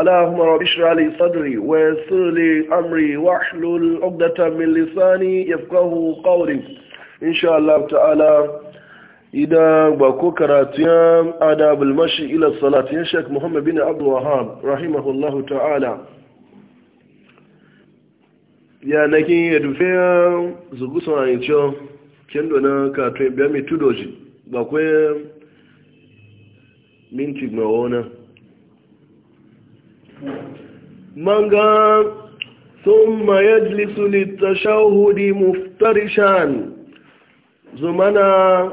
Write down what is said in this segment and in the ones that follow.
اللهم رب اشرح لي صدري ويسر لي امري واحلل عقدة من لساني يفقهوا قولي ان شاء الله تعالى idan ba ko karatuyan adabul mashi ila salatiyan Sheikh Muhammad bin abdulwahab Wahhab rahimahullahu ta'ala ya nake ya dufe zugu sonayin kendo na ka to biya mi tudoji minti manga thumma yajlisu litashahudi muftarishan zumana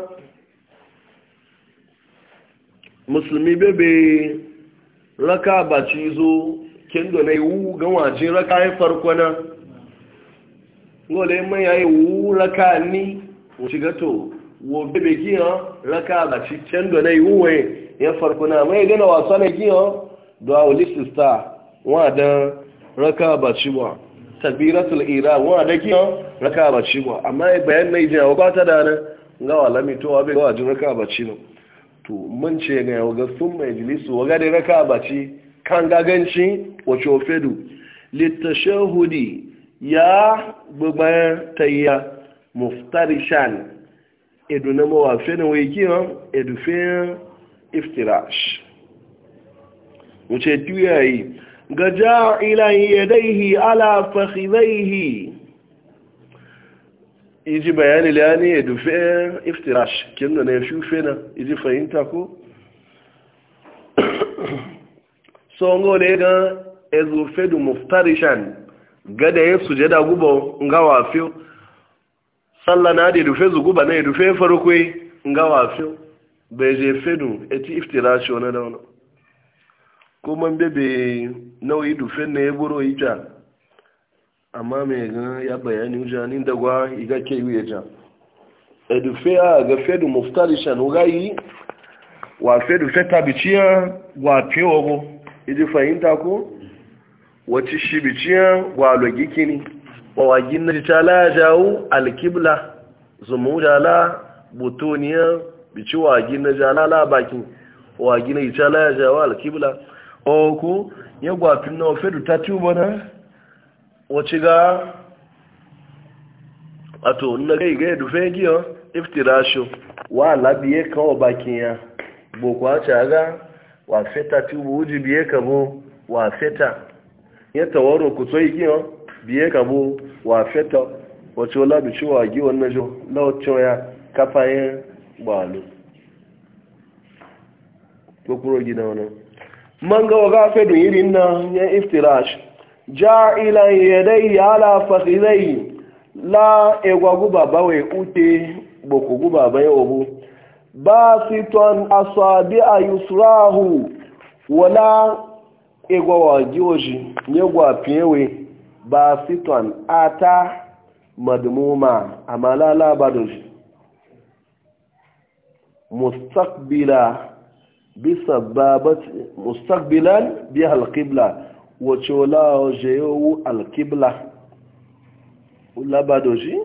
musulmi bebe raka ba ci zo kendo na iwu gan wajen raka ya farko na ngole mai ya iwu raka ni shiga to wo bebe kiyan raka ba ci kendo na iwu ya farko na mai gana wasa na kiyan du'a wa listista wa da raka ba ba ira wa da ki raka ba ba amma bayan mai jin wa ta da nan ga walami to wa ga jin raka ba ci to mun ce ga ga sun mai wa ga da raka ba ci kan gaganci wa chofedu litashahudi ya gbogbo tayya muftarishan edu na mawafe na wai kiyon edu fiyan iftirash wuce yi ga ja'ilan yadaihi ala fakhidaihi iji bayani ni ya e dufe iftirash kin na ya e shufe na iji fahimta ko songo ne ga ezufe du muftarishan gada ya e sujada gubo nga wafiyo sallah na da dufe zuguba na ya dufe farko nga wafiyo bai je fedu eti iftirash ona da ona. kuma bebe nau'i dufen na ya buro ija amma mai gan ya bayani uja ni da gwa iga ke yi ja E dufe a ga fedu muftarishan uga yi wa fedu feta biciya wa fi teogo Iji e fahimta ko wace shi biciya wa logiki ne wa wagin na ta la jawo alkibla zumu jala butoniya bici wagin na jala la bakin wagin na ita la jawo alkibla oku ya gwafin na ofe ta tuba na wace ga ato na gai gai dufe giyo iftirasho wa labiye kawo bakin ya boko a caga wa feta tuba uji biye kabo wa feta ya tawaro ku tsoyi giyo biye kabo wa feta wace wala bi ciwa giwon na jo lawacin ya kafayen gbalo kokoro gida man ga waga fedun irin nan ya iftirash ja'ilan yadai ala fakhidai la egwa guba bawe ute boku guba baye obu basiton asabi ayusrahu wala egwa wajoji nyegwa piewe basiton ata madmuma amala labadoji mustaqbila bisa babat mustaqbilan bi alqibla wace wala jeyowu alqibla labadoji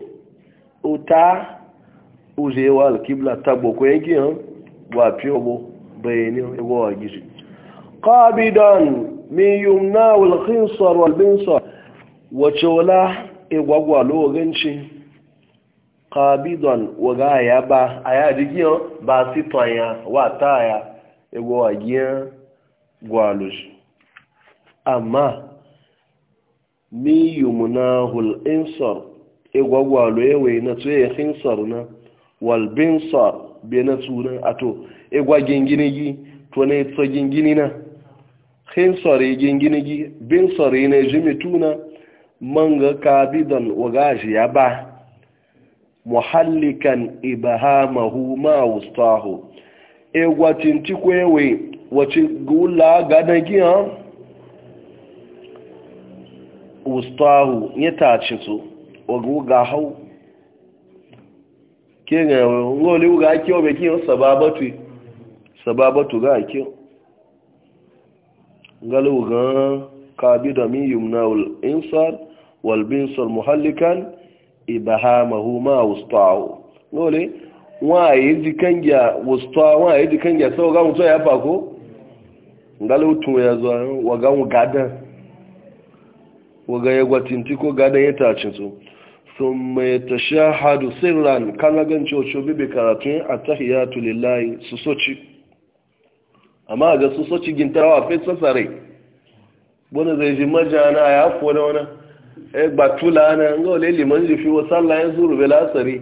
uta ujewa alqibla tabo ko yegi han wa piobo bayani ego wagiji qabidan min yumna wal khinsar wal binsar wace wala egwagwa lo ganci qabidan waga ya ba aya digiyan ba ya wa ta ego wagiyan gwaloshi amma mi yi yumunahul insar ego gwalo yawe na tsoye hinsar na walbinsar be na tsunan ato ego gingini gi to ne tso gingini na hinsar gingini gi binsar ne jimituna manga kabidan wagaji ya ba muhallikan ibahamahu ma wustahu egwatin cikwewe wacin gula gadon giyan ustahu ya taci su ogun ga hau ke ga ngoli ga ake obe kiyan sababatu sababatu ga ake galu ga kabi da min yumna wal insar wal binsar muhallikan mahu ma ustahu ngoli waye zikangya wostwa waye zikangya so ga mutso ya fako ngale utu ya zo waga ngada waga ya gwatinti ko gada ya tacin so thumma yatashahadu sirran kana gan cocho bibi karatun attahiyatu lillahi susoci amma sosochi susoci gintawa fe sasare bona zai ji majana ya fo da na e gbatula na ngole liman ji fi wa sallah ya zuru bil asari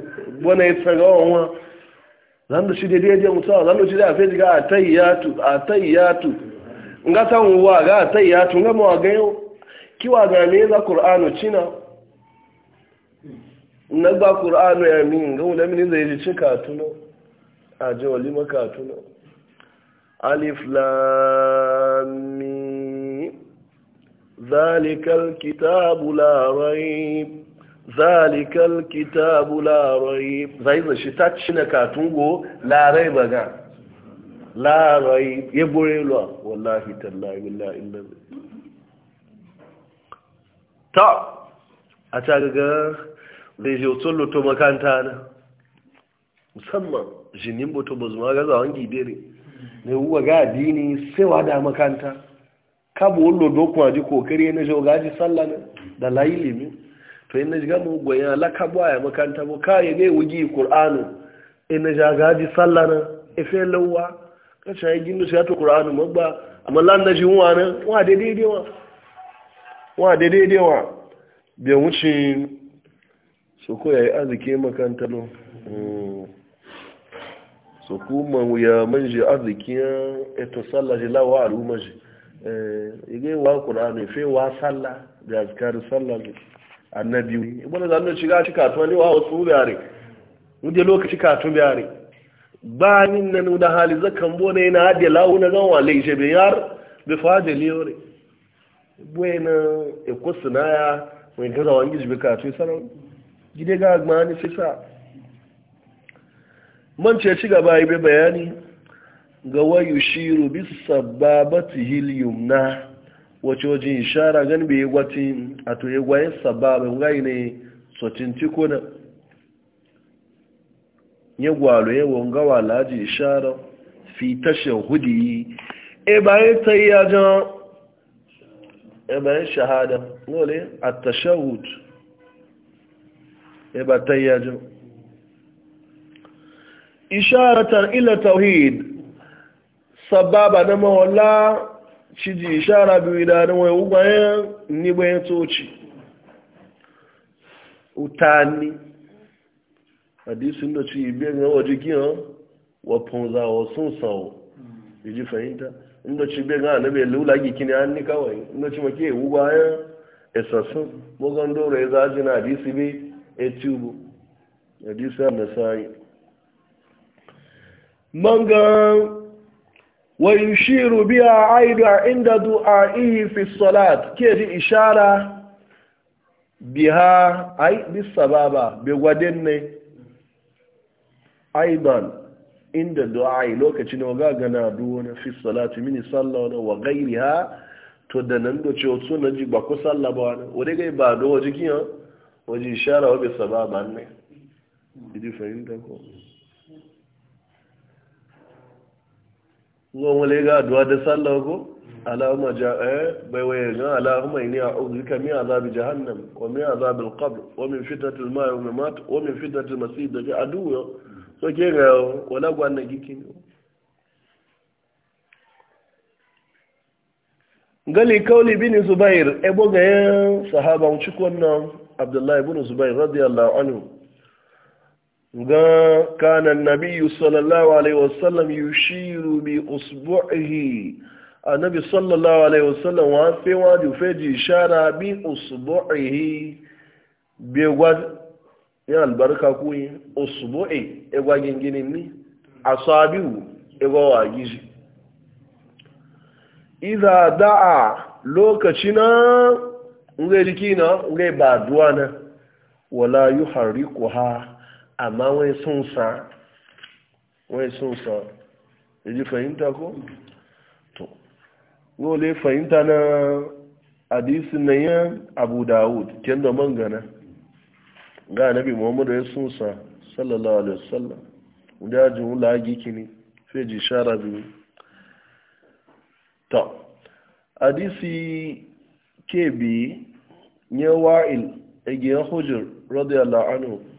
wani ya tsaga wa zan da shi da a mutuwa zan da shi da afe ga a tayyatu a tayyatu nga san wa ga a tayyatu nga mawa ga yau kiwa ga me za qur'anu cina na ba qur'anu ya min ga wala min zai ji cika tuno a je wali maka tuno alif lam mim zalikal kitabu la rayb zalikal kitabu larai zai shi ta cina katungo larai ba ga larai ya bore lo wallahi tallahi billahi illan ta a ta ga zai je otun loto makanta na musamman jinin boto ba zuma ga zawon gidere ne wuwa ga dini sai wada makanta kabo wallo dokun aji kokari na shogaji sallana da layi limin to ina jiga mu goya laka a makanta bo ka yage wuji qur'anu ina jaga ji sallah na ife lawa ka sai gindu sai to qur'anu magba amma lan na jin wani wa da daidai wa wa da daidai wa bai wuce su ko yayi arziki makanta no hmm. su kuma ya manje arziki eto sallah ji lawa al'umma ji eh yage wa qur'anu fe wa sallah da azkar sallah annabi ne zanen nuna shiga shi katuwa ne wa wasu biyare wuje lokaci katu biyare ba nin na nuna hali zakan bone na hadiya lawu na zan wale ishe bai yar bai fada liyore bai na na sinaya mai gaza wani gizi bai ya sanar gide ga agmani sa. man ce ci gaba yi bayani ga wayu shiru bisa sababati hilium na wace wajen ishara gan bai gwati a to ya sababin gai ne sotin tikuna ya gwalo gawa laji ishara fi tashin hudi e bayan ta yi e bayan shahada nole a tashahud e ba ta yi ishara isharatar ila tauhid sababa na mawala ciji ishara biyu idanun wai ugbayen ni bayan tsoci utani hadisun da ci biyan na waje giyan wapon zawo sun sawo iji fahimta inda ci biyan na bai lula giki ne an ni kawai inda ci make ugbayen esassun bugan doro ya zaji na hadisi bai etubu hadisi na sa'i mangan ويشير بها عيد عند دعائه في الصلاة كيف إشارة بها أي بالسبابة بودن أيضا عند دعاء لوكتين وغاغنا دون في الصلاة من صلى وغيرها تدنن دو تشوتسو نجي باكو صلى بوانا ورغي بادو وجي كيان وجي إشارة وبالسبابة ne. Did ngoma ga duwa da sallah ko allahumma ja'a eh, bai waye ga allahumma inni a'udhuka min azab jahannam wa min azab al-qabr wa min fitnati al-ma'i wa mamat wa min fitnati al-masih da ga aduwa so ke ga wala gwanna gikin gali kauli bin zubair ebo ga sahaban cikon nan abdullahi ibn zubair radiyallahu anhu ga kanan nabiyu sallallahu alaihi wasallam yushiru bi usbu'ihi annabi sallallahu alaihi wasallam wa fe wa ju fe ji ishara bi usbu'ihi bi gwa ya albarka ku usbu'i e gwa ginginin ni asabiu e gwa wa gizi idza da'a lokacina ngai dikina ngai na wala ha. amma sún sun sa wai sun sa yaji fahimta ko to gole fahimta na hadisin na yan abu dawud ken da man gana sun sa sallallahu alaihi wasallam wanda ji wula giki ne sai ji biyu to hadisi ke bi ne wa'il egiyar hujjar radiyallahu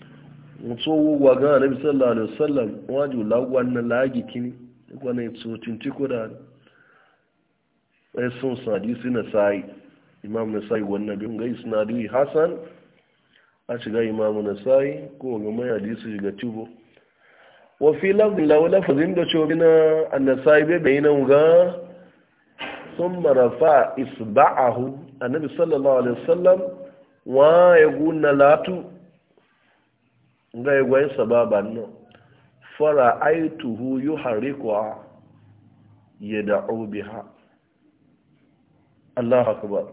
musowo gwaga na bisallah alaihissallam waju lagwan na lagi kini wani tsocin ciko da ɗaya sun sadisi sina sa'i imam na sa'i wannan bin gai sinadiri hasan a shiga imam na sa'i ko ga mai hadisi shiga tubo wa fi wafi fazin da cobi na sai be bai ga thumma rafa isba'ahu annabi sallallahu alaihi wasallam wa ya guna latu ga yi e gwayin sababan nan fara aituhu yi harikuwa ya da'o ha Allah ba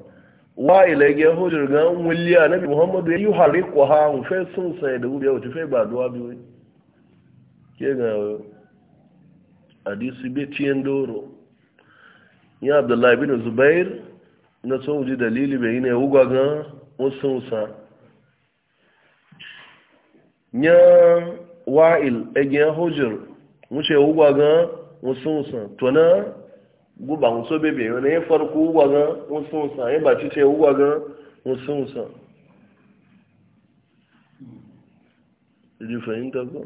wa ilage hujjar ga wuliya nabi muhammadu e yi harikuwa ha fe sun sai da wuriya wata fe ba duwa biyu ke ga hadisi betiyan doro ya abdullahi bin zubair na tsohon ji dalili bai yi ne wugwa wasu sun nye wa'il egiyan hujjar wuce wugwa ga wasu tuna guba wasu bebe wani ya farko wugwa ga wasu ya ba cice wugwa ga wasu wusa ji e fahimta ko?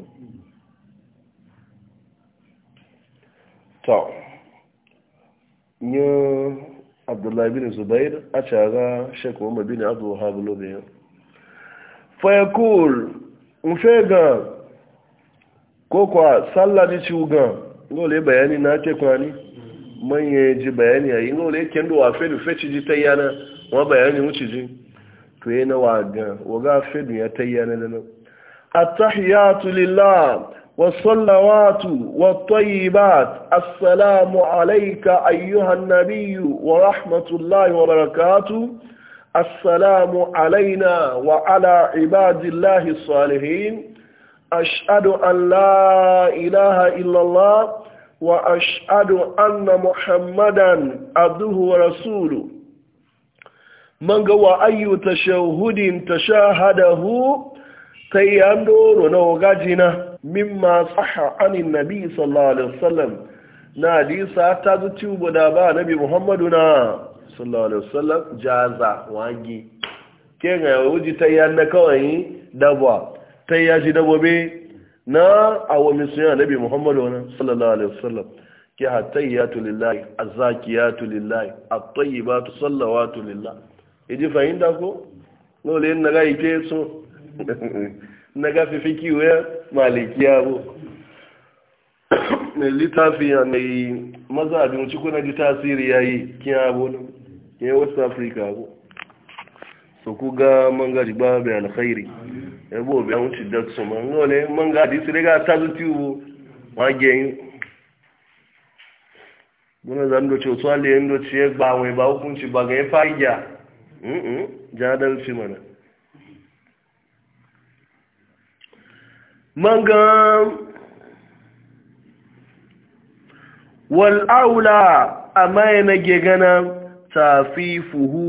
ta nye abdullahi bin zubair a cara shekwa mabini abu habu lobe yau fayakul nfe gan ko kwa sallah ni ci ga ngole bayani na te kwani manye ji bayani ayi Ng'o le kendo wa fedu feci ji tayana wa bayani wuci ji to yana wa gan wa ga fedu ya tayana nan at-tahiyatu lillah والصلوات والطيبات السلام عليك أيها wa ورحمة wa وبركاته السلام علينا وعلى عباد الله الصالحين أشهد أن لا إله إلا الله وأشهد أن محمدا عبده ورسوله من قوى أي تشهد تشاهده تياندور نوغاجنا مما صح عن النبي صلى الله عليه وسلم نادي ساتازتوب دابا نبي محمدنا sallallahu alaihi wasallam jaza wangi ke ga wuji ta na kawai dabwa ta ya ji dabobe na awami sunan nabi muhammadu sallallahu alaihi wasallam ke hatayyatu lillahi azakiyatu lillahi at-tayyibatu sallawatu lillahi idi fahimta ko lole na ga ite so na ga fifiki we malikiya bo ne litafi ne mazhabin ci na ji tasiri yayi kiya bo ne eh, west africa ko so ku ga manga riba bai alkhairi e bo bi an ci dat so man ngole manga di sire ga tazu tiwo wa gen muna zan do ci so ale en do ci e gba won e ba hukunci ci ba ga fa ja mm mm jadal ci mana Mangan wal'aula a maye na gegana tafifuhu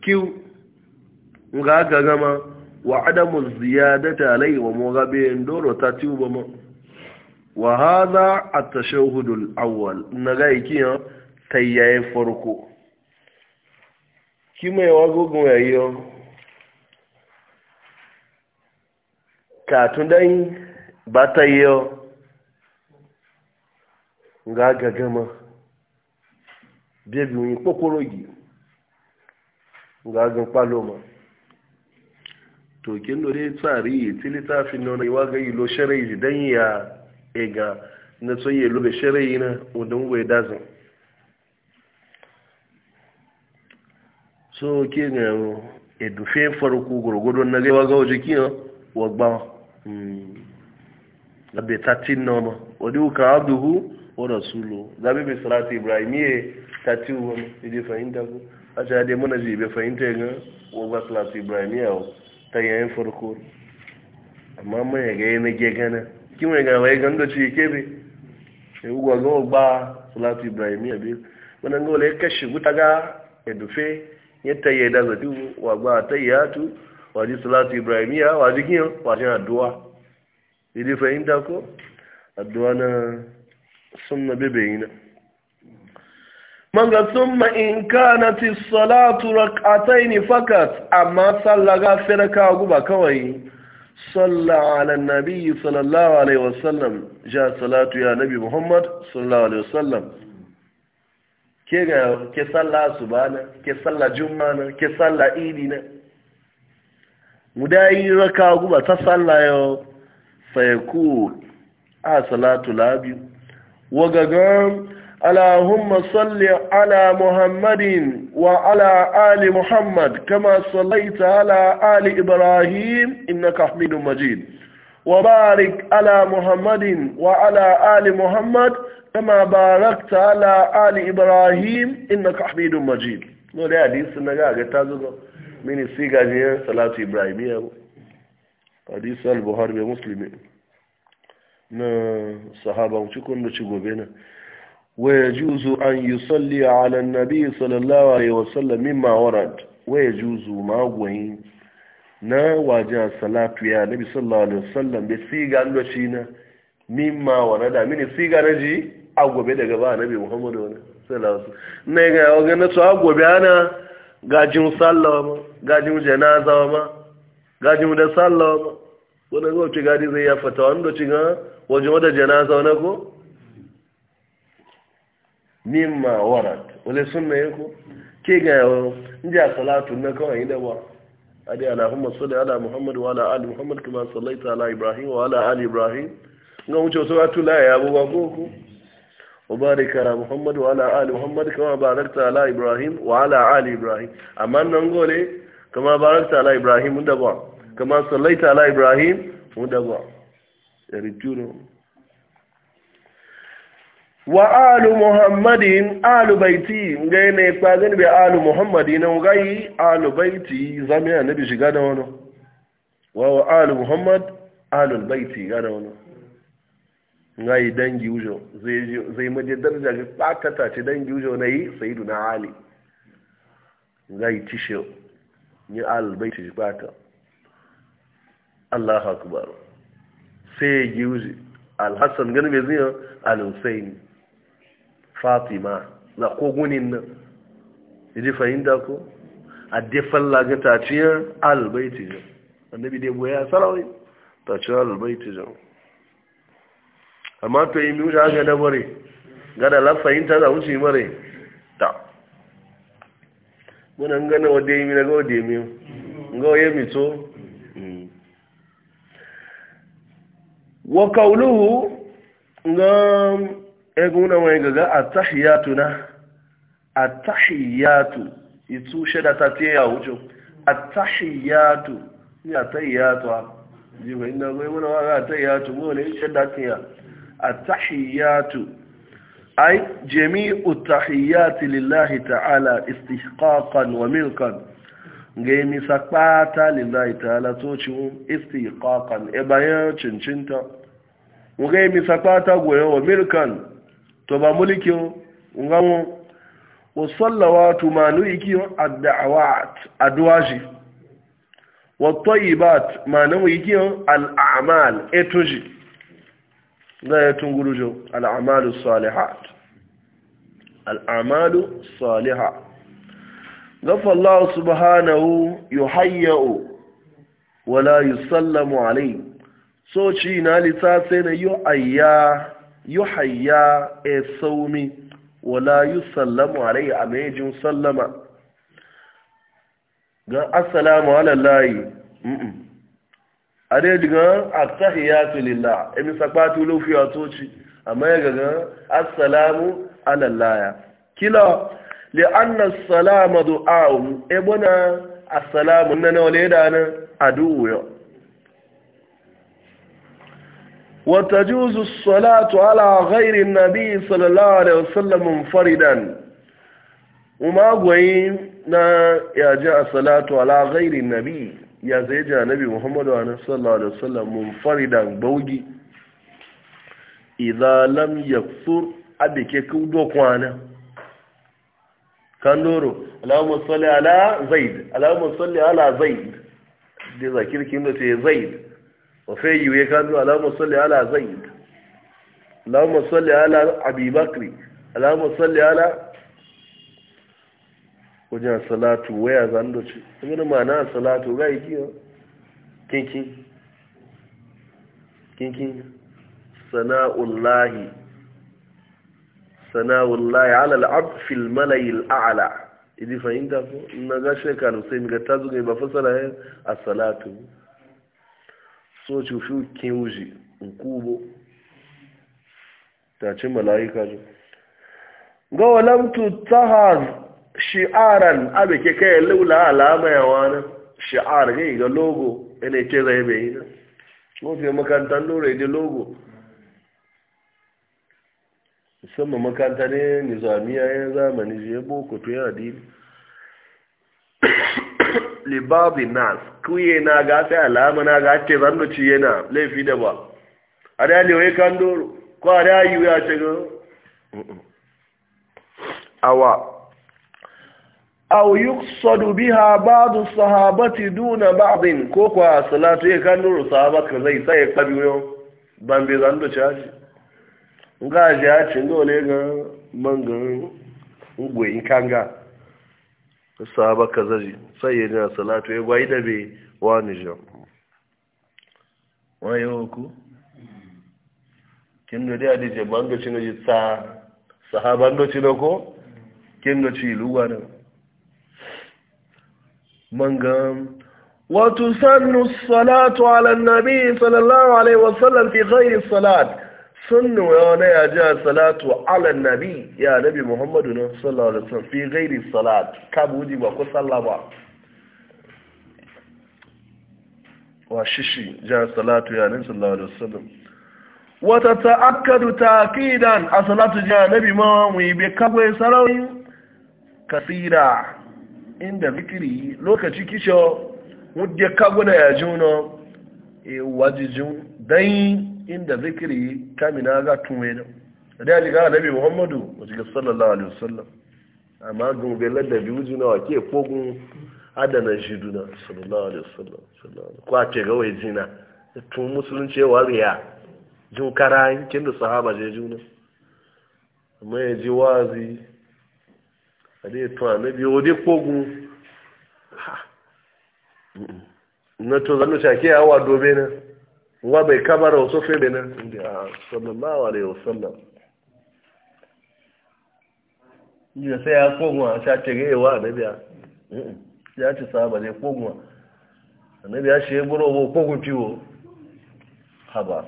kiw nga gagama wa adamu ziyadati alayhi wa mugabe ndoro tatiuba bama wa hadha at-tashahhud al-awwal naga ikiya tayyaye farko kima ya wagogun yayo katun dai batayyo nga gagama bíẹ́bí oyin kókóró yìí ngagin paloma to kin dore tsari fi littafin nan iwa ga shere sharai dan ya ega na tsoye lube sharai na odun wai dazin so ke ga edufe farko gurgudu na gaiwa ga waje kiyan wa rasulu zabe bai salatu ibrahimiyye ta ci wani ide fahimta ko a ca dai muna ji bai fahimta ya wa ba salatu ibrahimiyya ta yayin farko amma mun ya gaya na gegana ki wai yaga wai ganda ci kebe sai ugwa ga ba salatu ibrahimiyya bi wannan ga wala kashi guta ga edufe yadda ya da zatu wa ba tayyatu wa ji salatu ibrahimiyya wa ji kin wa ji addu'a ide fahimta ko addu'a na summa bebeyina manga summa in kanat as-salatu rak'atayn fakat amma sallaga firaka guba kawai salla ala nabi sallallahu alaihi wasallam ja salatu ya nabi muhammad sallallahu alaihi wasallam ke ga ke salla subana ke salla jumana ke salla idina mudayi raka guba ta salla yo sayakul a salatu labi وغغام اللهم صل على محمد وعلى ال محمد كما صليت على ال ابراهيم انك حميد مجيد وبارك على محمد وعلى ال محمد كما باركت على ال ابراهيم انك حميد مجيد نور حديث نغا غتازو من سيغا صلاه ابراهيم حديث البخاري ومسلم na sahaba wuce da ci gobe na waya juzu an yi salli a alan nabi sallallahu alaihi wasallam min warad waya juzu magwayin na wajen salatu ya nabi sallallahu alaihi wasallam bai siga lokaci na Min mimma da mini siga na ji a gobe daga ba nabi muhammadu wani sallallahu na ga yawa ganin su a gobe ana gajin sallawa ma gajin janaza ma gajin da sallawa ma wani gwamnati gadi zai ya fata wani da ci wajen wadda janaza wani ko? mimma warat wale suna yi ko? ke gaya wa ndi a salatu na kawai da wa adi ala huma sule ala muhammad wa ala ali muhammad kuma salaita ala ibrahim wa ala ali ibrahim ga wuce wasu ratu laye abubuwa ko ko? obarika ala muhammad wa ala ali muhammad kuma barakta ala ibrahim wa ala ali ibrahim amma nan gole kuma barakta ala ibrahim mun daba kuma salaita ala ibrahim mun daba سرجونه وآل محمد آل بيتي غينا يقاغن بآل محمد نوغي آل بيتي زمي النبي شغانا ونو وهو آل محمد آل البيتي غانا ونو ngai dangi ujo zai zai maje daraja ga fakata ce dangi ujo nayi sayyiduna ali ngai tisho ni al baiti jibata Allahu akbar sai ya giwuji alhassan gani bai zai al-husaini fatima na kogunin nan yaji fahimta ko a defan lagata ciyar albaiti jan annabi dai boya sarawai ta ciyar albaiti jan amma to yi miwuta haka na bare gada lafahimta da wuce mare ta munan gana wadda yi mi na ga wadda yi mi ga waye mito wa kauluhu e ga eguna mai gaga a tahiyatu na a tahiyatu itu shada ta te ya wuce attahiyatu ni attahiyatu ji mai na goyi mana a tahiyatu mu ne shada ta ya attahiyatu ay jami'u attahiyati lillahi ta'ala istihqaqan wa milkan ga mi sakpata lillahi ta'ala to ci istiqaqan e bayan cincinta nga yi misakpata goyo wa milkan to ba mulki nga mo wa sallawatu ma nuiki ad-da'awat adwaji wa tayyibat ma nuiki al-a'mal etoji nga ya tungurujo al-a'malu salihat al saliha salihat gafa Allah subhanahu yuhayya'u wala yusallamu alayhi so ci na sai na yi ayya yi hayya e saumi wala yi sallamu alai a mejin sallama ga asalamu alallahi a dai diga a attahiyatu lillah emi sapatu lo fi atoci a mai gaga asalamu alallaya kila li anna salama du'a ebona asalamu nan wale da nan adu'u وتجوز الصلاة على غير النبي صلى الله عليه وسلم منفردا وما قوينا يا جاء صلاة على غير النبي يا زيجا نبي محمد صلى الله عليه وسلم منفردا بوجي إذا لم يكثر أبك كودو قوانا كان دورو اللهم صلي على زيد اللهم صلي على زيد دي ذاكير كلمة زيد wafe yiwu ya kanu alamun salli ala zaid alamun salli ala abibakri alamun salli ala wajen salatu waya zandoci wani mana salatu ga iki yau kinkin kinkin sana'ullahi sana'ullahi ala al'ab fil malayil a'ala idi fahimta ko na ga shekaru sai ga ta zuga ba fasara a salatu so ci wuzi kinwuji nkubo ta ce mala'ika zo ga walamtu tahar shi'aran abe ke kai laula alama yawa na shi'ar ne ga logo yana ce zai bai yi na mafi makarantar lura da logo musamman makaranta ne nizamiya ya zamani zai boko to yana dini libabi nas kuye na ga sai alama na ga ce zan duci yana laifi da ba a da lewe kan doro ko a da yi ya ce ga awa aw yuqsadu biha ba'du sahabati duna ba'din ko kwa salatu ya kan doro sahaba zai sai kabiyo ban be zan duci shi ga ji a cin dole ga mangan ugwe kanga saba ka zai sai yi salatu ya gwai da bai wani jam wayo ku kin da dai adije bangaci na yitsa sahaban doci na ko kin da ci wani. Mangan. manga wa tusannu salatu ala annabi sallallahu alaihi wasallam fi ghairi salat sunnu na ya ji salatu ala nabi ya nabi muhammadu na sallallahu alaihi wasallam fi gairi salat ka buji ba ko sallah ba wa shishi a salatu ya nabi sallallahu alaihi wasallam wa tata'akkadu ta'kidan a salatu a nabi ma mu yi bai kafai sarari kasira inda zikiri lokaci kisho mudde kaguna ya juno e dai inda zikiri kamina ga tunwe da da ya liga nabi muhammadu wajen sallallahu alaihi wasallam amma gobe ladabi wujina wa ke kogun adana shi duna sallallahu alaihi wasallam kwa ce ga wai zina tun musulunci wa riya jin karayin kin da sahaba je juna amma ya ji wazi a dai to annabi o dai kogun na to zanu shake yawa dobe na wa bai kabara wasu fi benin inda ah, sallallahu alaihi wasallam yi sai ya kogunwa ta cire wa anabiya ya ci saba ne kogunwa anabiya shi ya buro bo kogun ciwo haba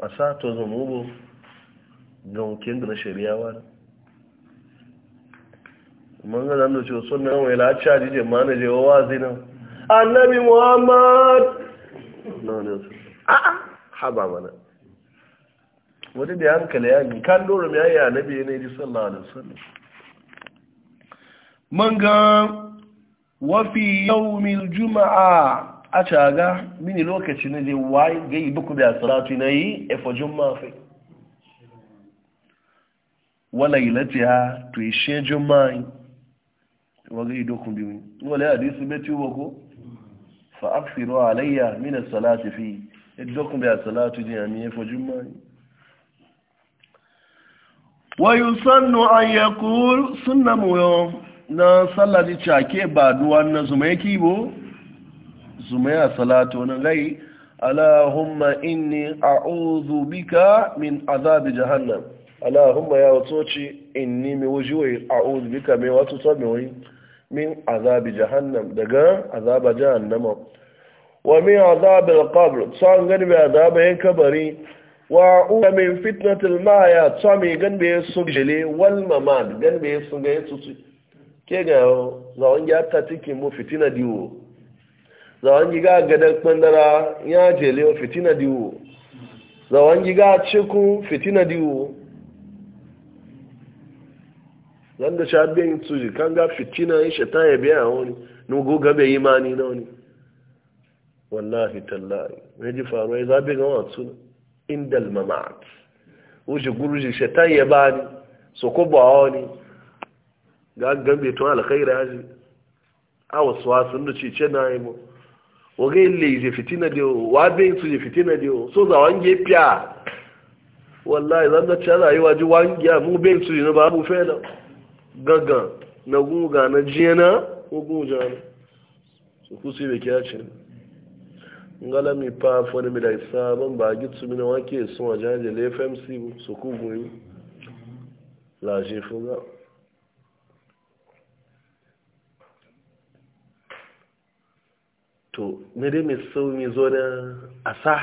a sa to zama bo ga da na shari'a wani man ga zanu ce sun nan wai la caji je ma na je wa wazi nan annabi muhammad no ne su sahaba mana wani da hankali ya yi kan dora mai yayi annabi ne ji sallallahu alaihi wasallam man ga wa fi juma'a a caga mini lokaci na da wai ga yi buku da salatu na yi e fa juma'a fa ha to to ishe juma'a wa ga idokun biyu wala hadisi beti wako fa aksiru alayya mina salatu salati fi ìdílọ́kùn bí àsàlátù ní àmì ẹfọ́jú mọ́ wọ́yú sánú ayẹkú súnnàmù yọ na sálàdì càkí bàdúwà na zùmẹ́ kíbo zùmẹ́ àsàlátù na gáyí aláhùnmà inni àúzù min azabi jahannam aláhùnmà ya watoci inni mai wujiwai àúzù bíka mai watoto mai min azabi jahannam daga azaba jahannama wa min azab al-qabr tsan gani azab yan kabari wa uwa min fitnat al-maya tsami gan be su jele wal mamad gan be su ga su ke ga zawon ya ta tiki mu fitina diwo zawon ga gada kwandara ya jele fitina diwo zawon ga ciku fitina diwo zan da shabin su kan ga fitina ya shata ya a wani nugo gabe imani na wani wallahi tallahi ne ji faruwa ya zaɓe ga wasu indal mamat wuce guruji shaitan ya ba ni so ko ba wa ni ga gambe tun alkhaira ya ji a wasu wasu da ce ce na yi mu waga ille je fitina da yau wabe su je fitina da yau so za wange fiya wallahi zan da cewa rayuwa ji wange a mu bai su ne ba mu fela gaggan na guga na jiyana ko guga na su kusi da kiyacin ngala mi pa fone mi dai sa ban ba gi tsumi na wake sun a jaje le FMC su ku guri la je foga to ne de mi so mi zo na asa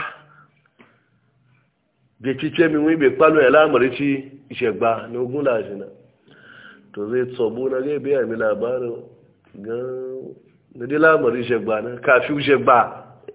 de chiche mi wi be palo ya la mari ti chi isegba na ogun la jina to zai bu na ga bi a mi labarin ga ne de la mari isegba na kafi isegba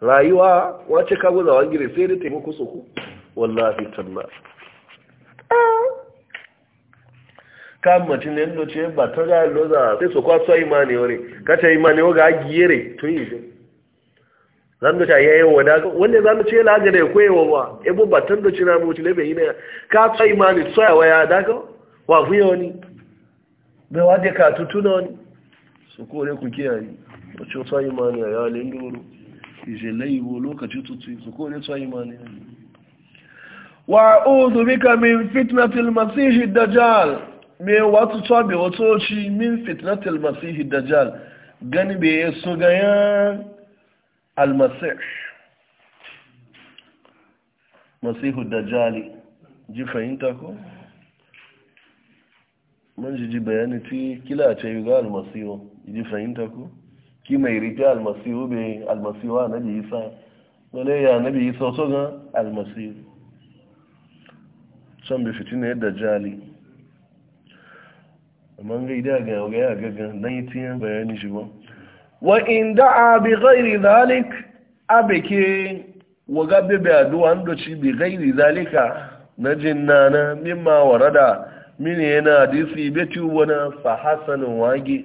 rayuwa wace ka guza wangire sai da taimako su ku wallahi talla Ka mace ne yadda ce ba ta ga loza sai su kwaso imani wani kacha imani wa ga agiyere tun yi zai zan da ta yayin wada wanda zan ce la ga ya koya wa ba. ebo ba tan da cina yi na ina ka tsa imani tsaya waya da ka wa fuye wani bai wa da ka tutuna wani su kore ku kiyaye ko tsa imani ya linduru ijelaibo lokaci tutu su ko ne tsayi ma ne wa uzu bika min fitnatil masihi dajjal me watu tsabe wato ci min fitnatil masihi dajjal gani be su gayan almasih masihu dajjali ji fahimta ko man bayani kila ce yi ji fahimta ko ki mai rike almasihu be almasihu anabi isa wale ya anabi isa so ga almasihu san bi fitina da jali amma ga ida ga ga ya ga dan yitin bayani shi ba wa in da'a bi ghairi zalik abeke wa gabe bi addu'a ando ci bi ghairi zalika na jinnana mimma warada mini yana hadisi betu wana fa hasanun wagi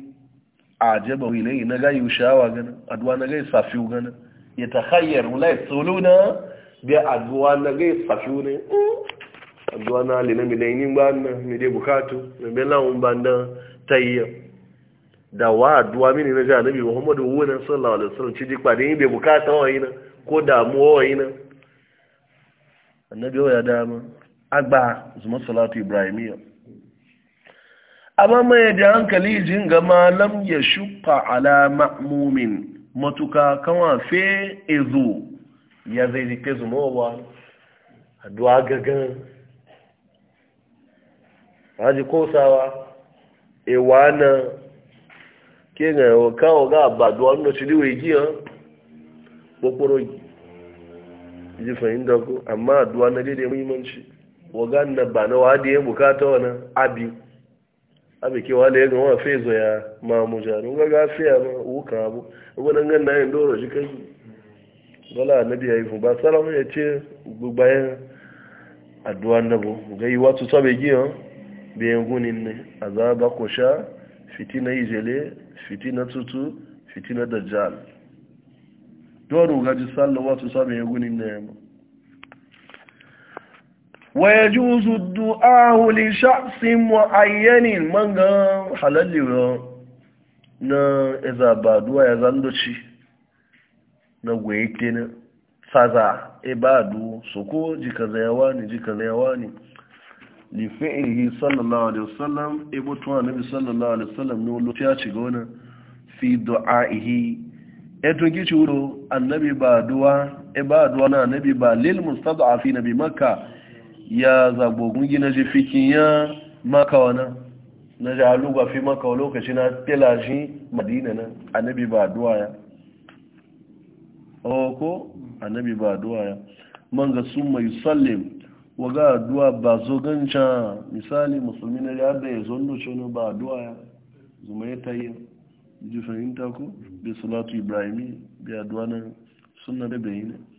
a jaba wilai na gayu shawa ganin aduwa na gai safiu ganin ya ta hanyar wulai tsolo na biya aduwa na yi safiu ne aduwa na halina mai dainin ba na mai dai bukatu na biya lamun ba na tayyar da wa aduwa mini na jana bi muhammadu wunan sallallahu alaihi wasallam ci jikpa da yin bai bukata wa na ko damuwa wa na annabi ya dama agba zuma salatu ibrahimiyya amma mai da hankali jin gama lam ya shukka ala ma'mumin matuka kama fe ezo ya zai rike zumowa a duwa gagan haji kosawa ewa na ke ga yawa kawo ga abadu wanda ci liwe giya kwakwaro ji fahimta ko amma aduwa na daidai muhimmanci ga na ba na wa da ya bukata na abi. abe ke wale ya gama fezo zoya mamu jaru ga gafe ya wuka abu wannan gan na yin doro shi kai dole annabi ya yi fun ba salamu ya ce bayan addu'a nabo ga yi wasu sabe giyo bayan gunin ne a za azaba ko sha fitina ijele fitina tutu fitina dajjal dole ga ji sallu wasu sabe gunin ne ويجوز الدعاء لشخص معين من حلال na iza duwa ya zandoci na gwaite na faza e ba du so ko jika zayawa ne jika zayawa ne li fi'lihi sallallahu alaihi wasallam ibo tuwa nabi sallallahu alaihi wasallam ne lo ya ci gona fi du'aihi e to gici wuro annabi ba duwa e ba duwa na annabi ba lil mustad'afina bi makkah ya zagogun gina ji fikin ya makawa nan na ji aluba fi makawa lokaci na telashi madina nan annabi ba duwa ya oh, ko annabi ba duwa ya man ga sun mai sallim ga duwa ba zo ganca misali musulmi na ya da ya zondo shono ba duwa ya zuma ya ta yi jifin fahimta ko bi salatu ibrahimi bai aduwa nan sunna da yi ne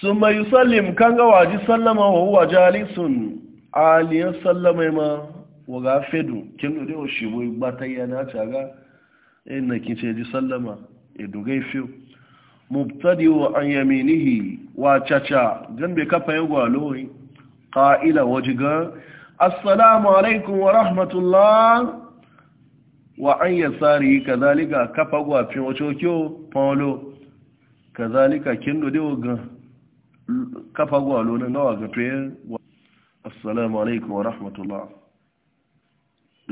summa yusallim kanga waji sallama wa huwa jalisun aliyan sallama ma wa ga fedu kin do shi bo gbataya na taga inna kin ce ji sallama e dugai fiye. mubtadi wa an yaminihi wa chacha gambe kafa yagwa loyi qa'ila ga. assalamu alaikum wa rahmatullah wa an yi yasari kadhalika kafa gwafin fi wacho kyo paulo kadhalika kin do de ogan kafa gwalo na nawa ga tuye assalamu alaikum wa rahmatullah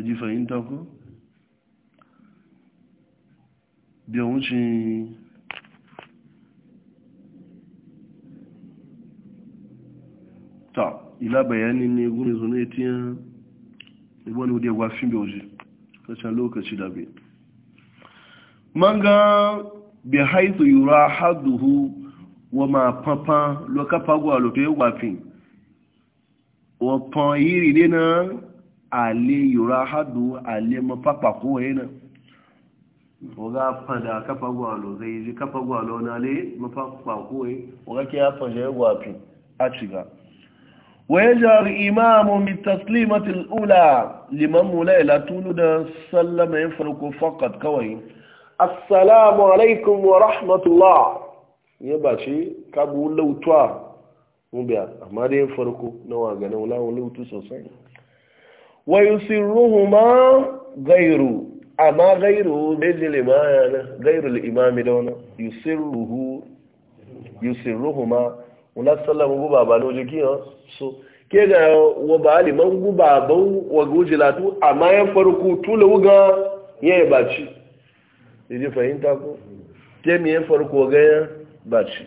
ji fahimta ko biya wuce ta ila bayanin ne gumi zune tiyan wani wudiyar gwafin bauji kashin lokaci da bai manga bi haitu yura haduhu wọ́n máa pánpán lọ kápágọ́ àlòtò yóò wà fìn wọ́n pọn yìí dé náà àlè yòrá hádù àlè mọ́ pápákó wọ́n yìí náà wọ́n gá kí á pọ̀jẹ́ yóò wà fìn á ṣìgá ويجهر إمام بالتسليمة الأولى لمن مليلة تولد سلم يفرق فقط كوي السلام ya ba shi kabu lautuwa mubiya amma dai farko na wagana wulawun lautu sosai wayu sirruhu ma gairu amma gairu daidai limaya na gairu limami da wani yusirruhu ma wula sallama guba ba na jiki ya so ke ga wa ba liman guba ban wa gujilatu amma ya farko tula wuga ya yi baci. Idi fahimta ko? Ke mi ya farko gaya ba ci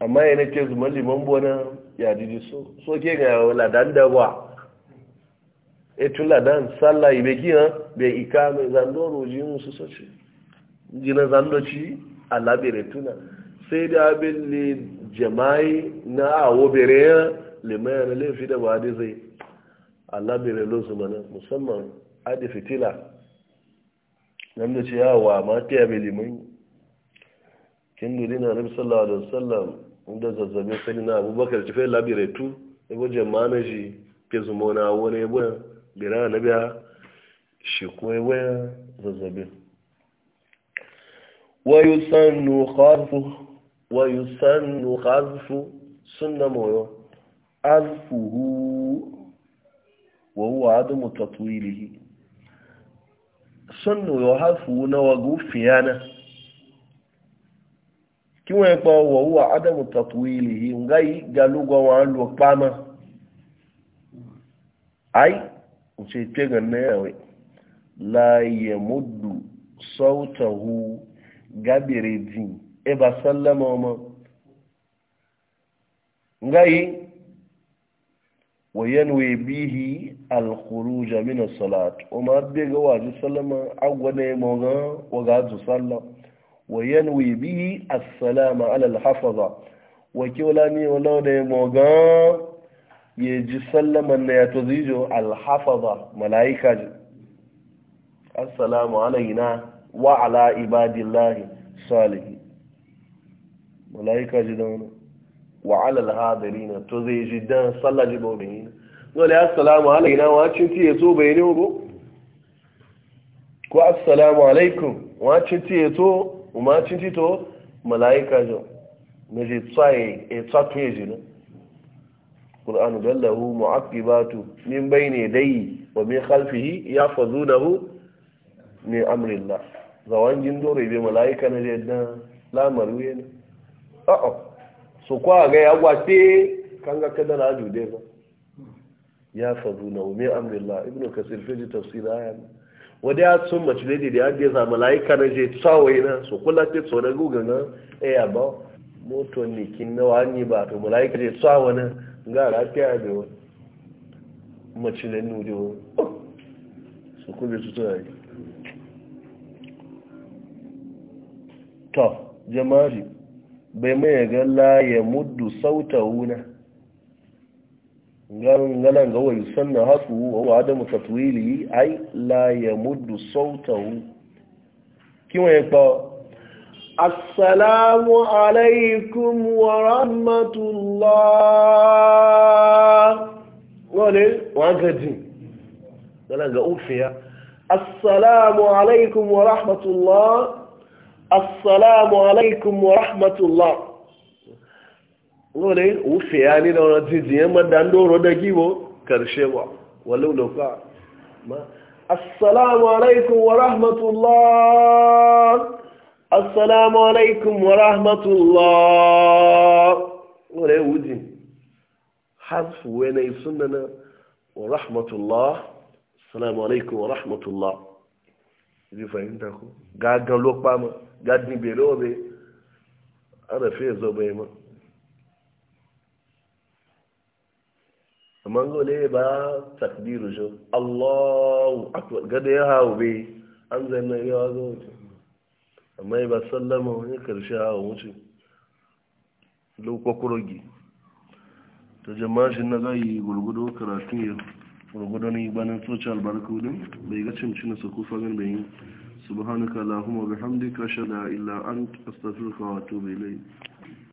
amma yana ke zuma liman bona ya didi so so ke ga ladan da ba e tun ladan sallah ibe ki ha be ika mai zando roji musu so ci gina zando ci ala bere tuna sai da abin le jama'i na awo bere ya liman na laifi da ba da zai ala labirin lo zuma musamman adi fitila nan da ce yawa ma ta yabe liman kin dole na nabi sallallahu alaihi wasallam inda zazzabe sai na abubakar ci fai labiretu ya gwaje manaji ke zumo na wani yabon gira na biya shi e yabon zazzabe wa yusannu wayusannu wa yusannu kharfu sunna moyo alfuhu wa huwa adamu tatwilihi sunnu yuhafu na wa gufiyana kiwon pa wọ̀wọ́ adamu tatuwili yi nga yi galugo wọn lọ kpama ai ce ce ga na yawai la ya muddu sautahu gabire jin e ba sallama ma nga yi wayanwe bihi alkhuruja jamina as-salat umar bi ga waji sallama agwana ya mo ga waga ju sallama وينوي به السلام على الحفظة وكيولاني ولو ده موغان يجي سلم أن يتزيجو الحفظة ملائكة السلام علينا وعلى عباد الله صالح ملائكة جدون وعلى الحاضرين تزيجي دان صلى جبوبين قال السلام علينا واتشنتي يتوب ينوبو ko assalamu alaikum wacin ce to uma cinci to malaika jo na je tsaye e tsatuye je no da dallahu mu'aqibatu min bayni dai wa min khalfihi yahfazunahu min amrillah zawan jin dore be malaika na je dan lamaru yana a ah, a ah. so kwa ga ya gwace kan ga kada na jude ba ya fazu na umar amrillah ibnu kasir fi tafsir ayan wadda ya tsun mace ne da ya biya za malaika na je tsawai na su kula ce na guga na ya ba moto ne kin nawa ni ba to malaika je tsawai na ga rafiya da wani mace ne nuri wani su kuma su tsoron to jama'a bai mai ga la ya muddu sauta wuna قالوا نعم، غنغنان هو يسمى هاتو هو عدم تطويله أي لا يمد صوته كيف يبقى السلام عليكم ورحمة الله وليل وانكدين غنغنان هو فيها السلام عليكم ورحمة الله السلام عليكم ورحمة الله wani wufe ya ni da wani jijiyen madan doro da gibo karshe ba walau lauka ma assalamu alaikum wa rahmatullah assalamu alaikum wa rahmatullah wani wuji hasfu wani sunana wa rahmatullah assalamu alaikum wa rahmatullah zai fahimta ku gagan lokpa ma gadin bere obe ana fiye zo bai ma man zo le ba takbiru jo Allahu akbar gada ya hawo be an zai na yawa zo wuce amma ba sallama wani karshe hawo wuce lokwakwarogi ta jama'a shi na gayi gurgudu karatu ya gurgudu ne banin social barku wudin bai ga cimci na sako fagen bayan subhanaka allahumma bihamdika shada illa an astaghfiruka wa bai ilayk